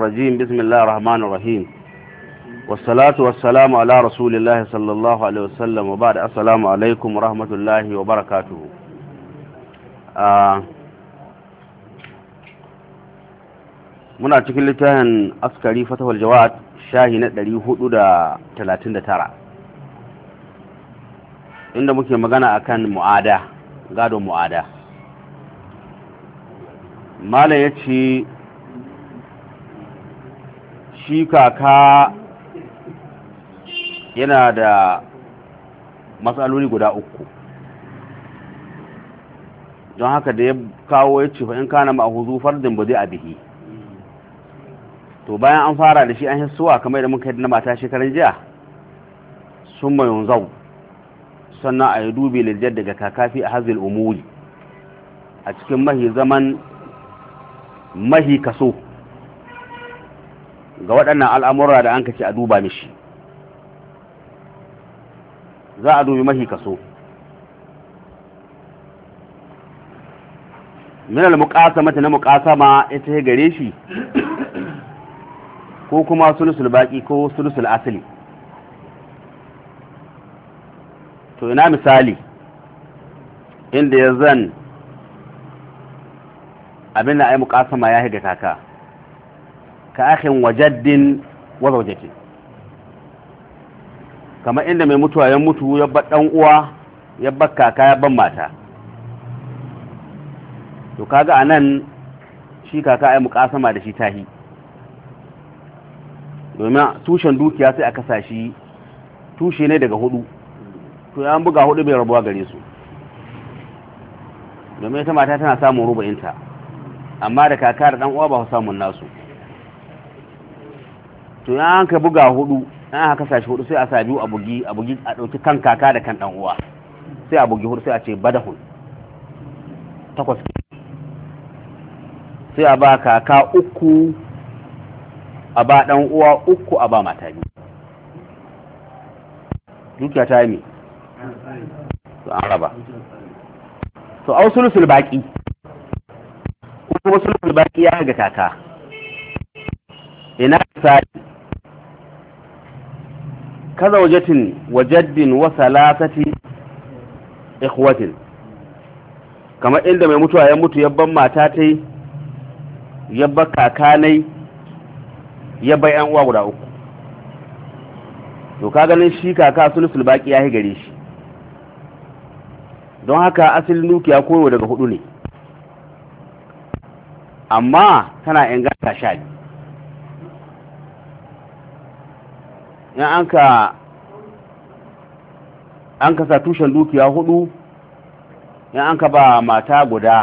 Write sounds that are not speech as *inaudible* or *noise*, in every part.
الرجيم بسم الله الرحمن الرحيم والصلاة والسلام على رسول الله صلى الله عليه وسلم وبعد السلام عليكم ورحمة الله وبركاته آه muna cikin littafin askari fatahul jawad shahi na 439 inda muke magana akan mu'ada gado mu'ada malam ya يتشي shi kaka yana da matsaloli guda uku don haka da ya kawo ya ce in kana ma'ahuzu fardin ba zai a bihi to bayan an fara da shi an hissuwa kamar yadda muka yi na mata shekarun jiya sun zau sannan a yi dubi liljar daga kakafi a hazil umuri a cikin mahi zaman mahi kaso ga waɗannan al'amurra da an kace a duba mishi za a dubi mahi kaso minal muƙasa mata na muƙasa ma ita ya gare shi ko kuma sulusul baƙi ko sulusul asali to ina misali inda ya zan abin da ai muƙasama ya higa kaka ka akhin wa jaddin wa zawjati kamar inda mai mutuwa ya mutu ya bar dan uwa ya bar kaka ya bar mata to kaga anan shi kaka ai mukasama da shi tahi domin tushen dukiya sai aka sa tushe ne daga hudu to ya buga hudu bai rabuwa gare su domin ita mata tana samun ruba'inta amma da kaka da dan uwa ba su samun nasu to ya ka buga hudu an haka sashi hudu sai a sa biyu a bugi a bugi a dauki kan kaka da kan dan uwa sai a bugi hudu sai a ce badahun takwas sai a ba kaka uku a ba dan uwa uku a ba mata biyu dukiya ta yi to an raba to a wasu sulusul baki kuma sulusul baki ya ga kaka ina sai كزوجة وجد وثلاثة إخوة كما عند ما يموت يموت يبا ماتاتي يبا كاكاني يبا ينوى غدا أكو to ka ganin shi kaka sulusul baki ya gare shi don haka asalin dukiya koyo daga hudu ne amma tana inganta sha biyu in an ka an kasa tushen dukiya hudu in an ka ba mata guda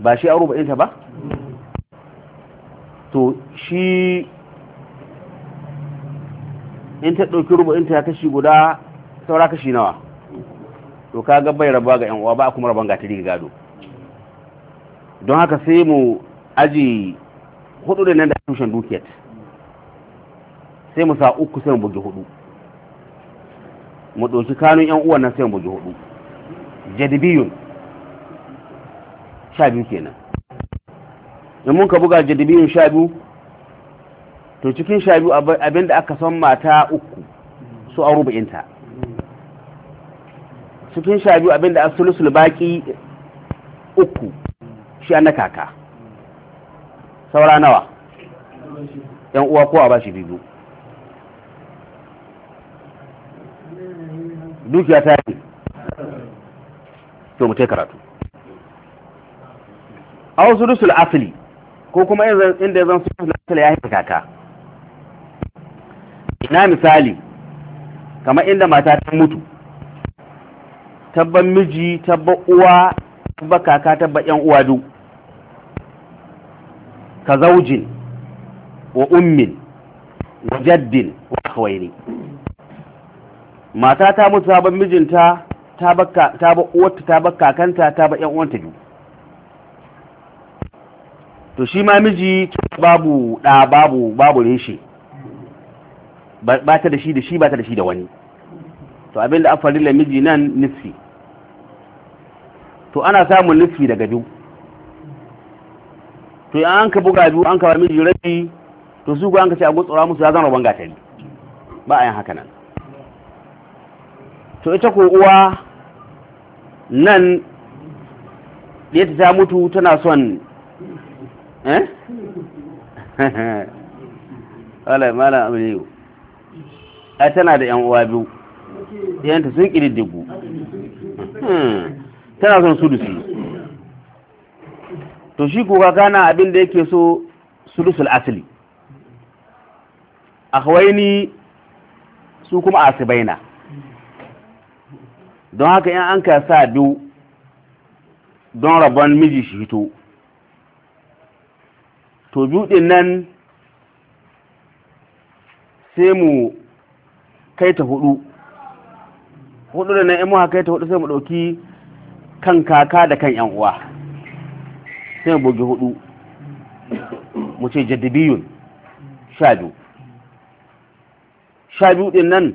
ba shi aro ba'inta ba to shi in ta ɗauki rubu'inta ya kashi guda saura kashi nawa to ka ga bai rabuwa ga 'yan uwa ba kuma rabon gatari ga gado don haka sai mu aji hudu da nan da tushen dukiyar sai mu sa uku sai mu buge hudu mu ɗauki kanun yan uwan nan sai mu buge hudu jadibiyun sha biyu kenan in mun ka buga jadibiyun sha biyu to cikin sha biyu abinda aka san mata uku su a ruba'inta cikin sha biyu abinda a sulusul baki uku shi an na kaka saura nawa yan uwa ko a bashi biyu dukiya ta yi to mu tai karatu aw sudusul asli ko kuma inda zan sudusul asli ya hita kaka ina misali kamar inda mata ta mutu tabban miji tabban uwa tabba kaka tabba yan uwa du ka zaujin wa ummin wa jaddin wa akhwaini mata ta mutu ta bar mijinta ta ba bar uwarta ta bar kakanta ta bar yan uwanta biyu to shi ma miji babu da babu babu reshe ba ta da shi da shi ba ta da shi da wani to abin da afarin da miji nan nisfi to ana samun nisfi daga biyu to in an ka buga biyu an ka ba miji rabi to su ku an ka ce a gutsura musu ya zan rabon gatari ba a yin haka nan to ita ko uwa nan yadda ta mutu tana son eh *laughs* wala mala amriyo ai tana da yan uwa biyu yanta sun kididdigu hmm, tana son sudusi to shi ko gana abin da yake so sudusul asali akhwaini su kuma asibaina don haka in an ka sa biyu don rabon miji shi hito to biyu nan sai mu kai ta hudu hudu da nan in muka kai ta hudu sai mu ɗauki kan kaka da kan yan uwa sai mu bugi hudu mu ce jaddabiyun sha biyu sha biyu ɗin nan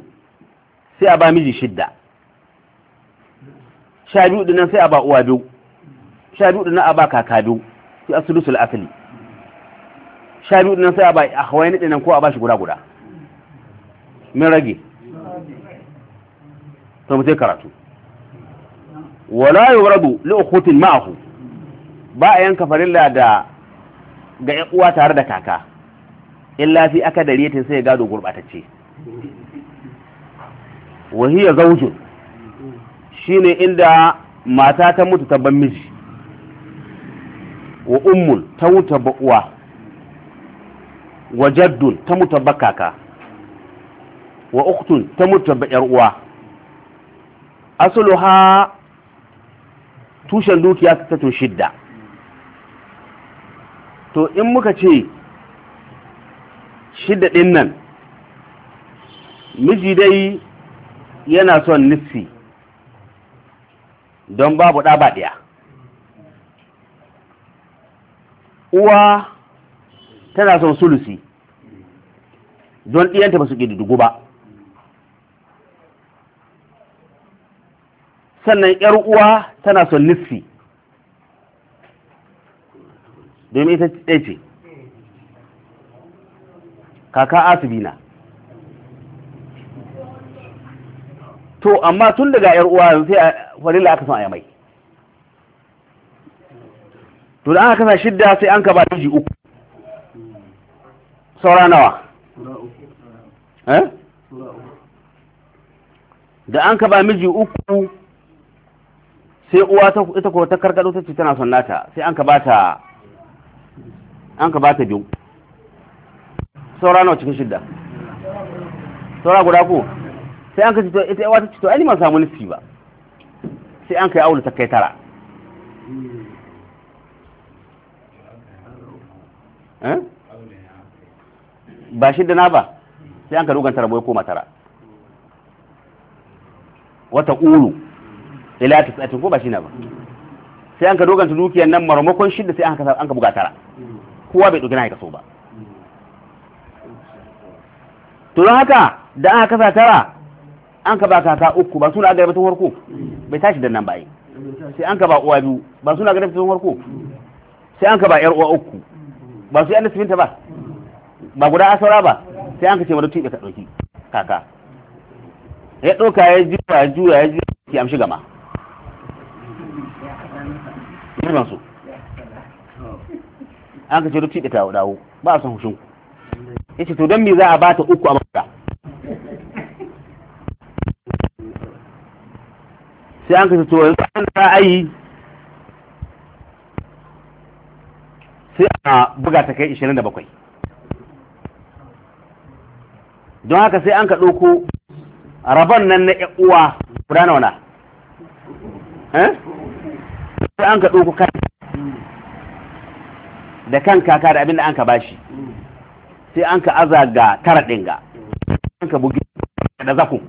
sai a ba miji shidda sha biyu dinan sai a ba uwa biyu sha biyu dinnan a ba kaka biyu sai asulusul asali sha biyu dinan sai a ba a hawaii dinnan ko a ba shi guda guda min rage to mu sai karatu wala yuradu li ukhutin ma'ahu ba a yanka farilla da ga ƴan uwa tare da kaka illa fi aka dare ta sai gado gurbatacce wa hiya zawjun shine inda mata ta mutu ta ban miji wa ummul ta mutu ta uwa wa jaddun ta mutu ba kaka wa uktun ta mutu ba yar uwa ha tushen dukiya ta tun shidda to in muka ce shidda din nan miji dai yana son nufi don babu ɗaba ba ɗaya uwa tana son sulusi don ɗiyanta ba su ƙididdigu ba sannan ‘yar uwa tana son nufi. domin ita ɗaya ce kaka asibina to amma tun daga ‘yar uwa sai farilla aka san a mai to da aka kasa shidda sai an ka ba da uku saura nawa eh? da an ka ba miji uku sai uwa ita ko ta karkado ta ce tana son nata sai an ka ba ta an ka ba ta biyu saura nawa cikin shidda saura guda ko sai an ka ce ita yawa ta ce to ai ni samu nufi ba sai an kai aulu ta kai tara eh? ba shi da na ba sai an ka rugan tara bai koma tara wata ulu ila ta tsatin ko ba shi na ba sai an ka doganta dukiyar nan marmakon shidda sai an ka an ka buga tara kowa bai dogina na ya kaso ba to don haka da aka kasa tara an ka ba kaka uku ba suna gaba tun farko bai tashi da nan bai sai an ka ba uwa biyu ba suna gaba tun farko sai an ka ba yar uwa uku ba su yi nasibinta ba ba guda asara ba sai an ka ce marutu ka ɗauki kaka ya doka ya juya ya juya ya juya ki amshi gama girman su an ka ce rufi ta dawo ba a san hushin ya ce to don me za a bata uku a sai an kace tsohon yanzu an a yi sai a buga ta kai 27 don haka sai an ka ɗauko rabon nan na uwa guda nauna eh? sai an ka ɗauko kan da kan kaka da abinda an ka bashi sai an ka aza ga tara ɗinga an ka bugi da zakun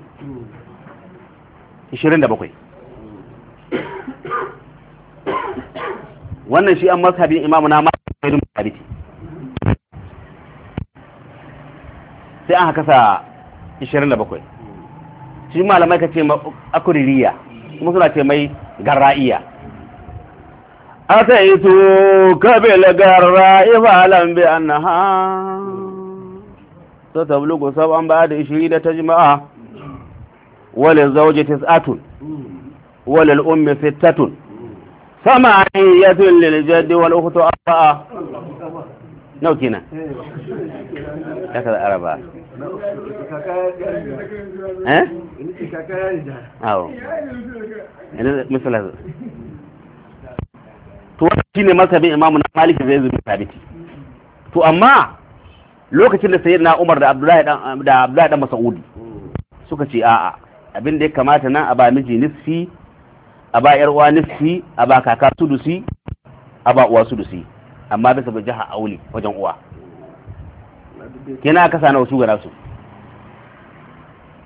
27 wannan shi an mazhabin imamu na mazhabin mahaliki sai an haka sa 27 shi malamai ka ce akuririya kuma suna ce mai garra'iya a sai yi su kabila garra'i falon bi an na ha ta tabbuluku sabon ba da ishiri da ta jima'a wale zaujitis atun wale al'ummi sittatun samaniyatun lil jaddi wal ukhtu arba'a nau kenan ya kaza araba eh awo ina misala to shine masabin imamu na malik zai to amma lokacin da sayyidina umar da abdullahi dan da abdullahi dan mas'udi suka ce a'a abin da ya kamata nan a ba miji nisfi a ba yar uwa nisfi a ba kaka si, a ba uwa si, amma bisa bai jiha auli wajen uwa kina kasa na wasu ga nasu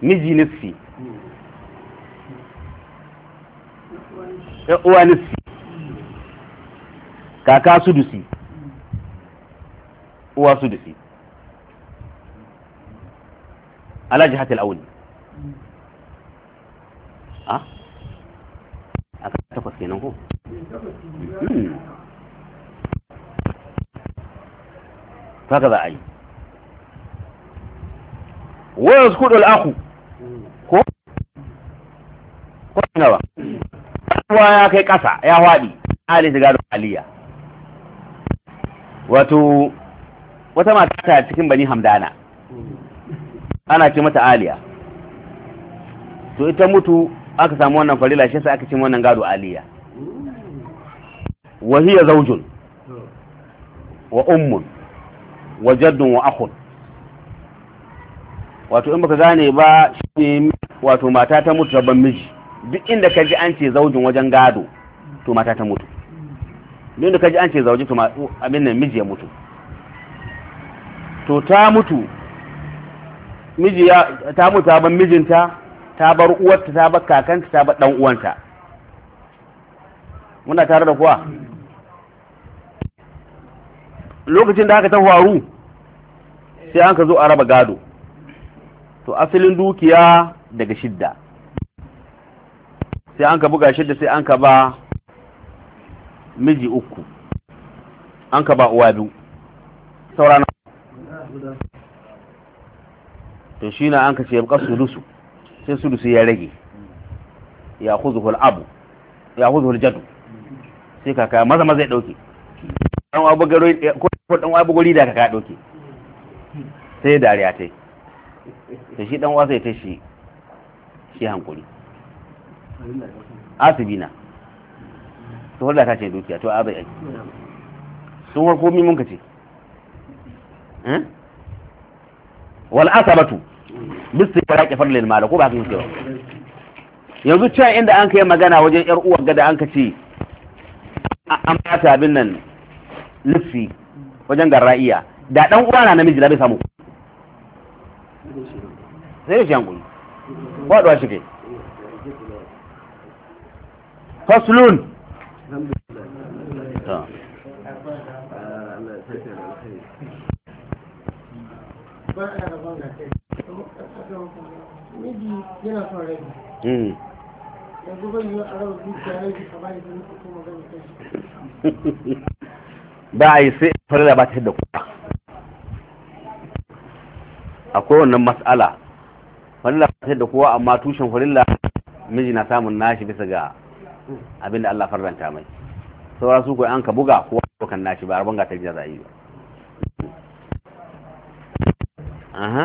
miji nufi yar uwa nufi kaka si, uwa si ala jihatil a ah takwas kenan ko hmm. haka za a yi wayar kudul aku ko kwan gaba ruwa ya kai ƙasa ya haɗi ali shiga Aliya. aliyya wato wata mata ta cikin bani hamdana ana ce mata aliya to ita mutu aka samu wannan farila shi sai aka ce wannan gado aliya wa hiya zawjun wa ummun wa jaddun wa akhun wato in baka gane ba shi wato mata ta mutu rabban miji duk inda kaji an ce zaujin wajen gado to mata ta mutu duk inda kaji an ce zauji to abin nan miji ya mutu to ta mutu miji ya ta mutu rabban mijinta ta bar uwarta ta bar kakanta ta bar dan uwanta muna tare da kuwa lokacin da aka ta faru sai an ka zo a raba gado to asalin dukiya daga shidda sai an ka buga shidda sai an ka ba miji uku an ka ba uwa biyu saurana to shi na an ka ce ya bukasu dusu sai sulusi ya rage ya kuzuhul abu ya kuzuhul jadu sai kaka maza maza ya dauke dan abu gari ko dan abu gari da kaka ya dauke sai dariya tai da shi dan wasa ya tashi shi hankuri asibina to wanda ta ce dukiya to bai aiki sun warko mun ka ce eh? wal asabatu bisu ya rake farlin mala ko ba haka yake ba yanzu cewa inda an kai magana wajen yar uwar gada an ka ce an bata abin nan lissi wajen garra'iya da dan uwa na namiji da bai samu sai shi ba da shi ke faslun Thank you. miji yana son rabi hmm. yanzu bai yi a rabi ko magana kai ba a yi sai farila ba ta da kuma akwai wannan matsala farilla ba ta da kowa amma tushen farilla miji na samun nashi bisa ga abin da Allah faranta mai saura su kuwa an ka buga kowa kan nashi ba rabon gatar zai yi ba aha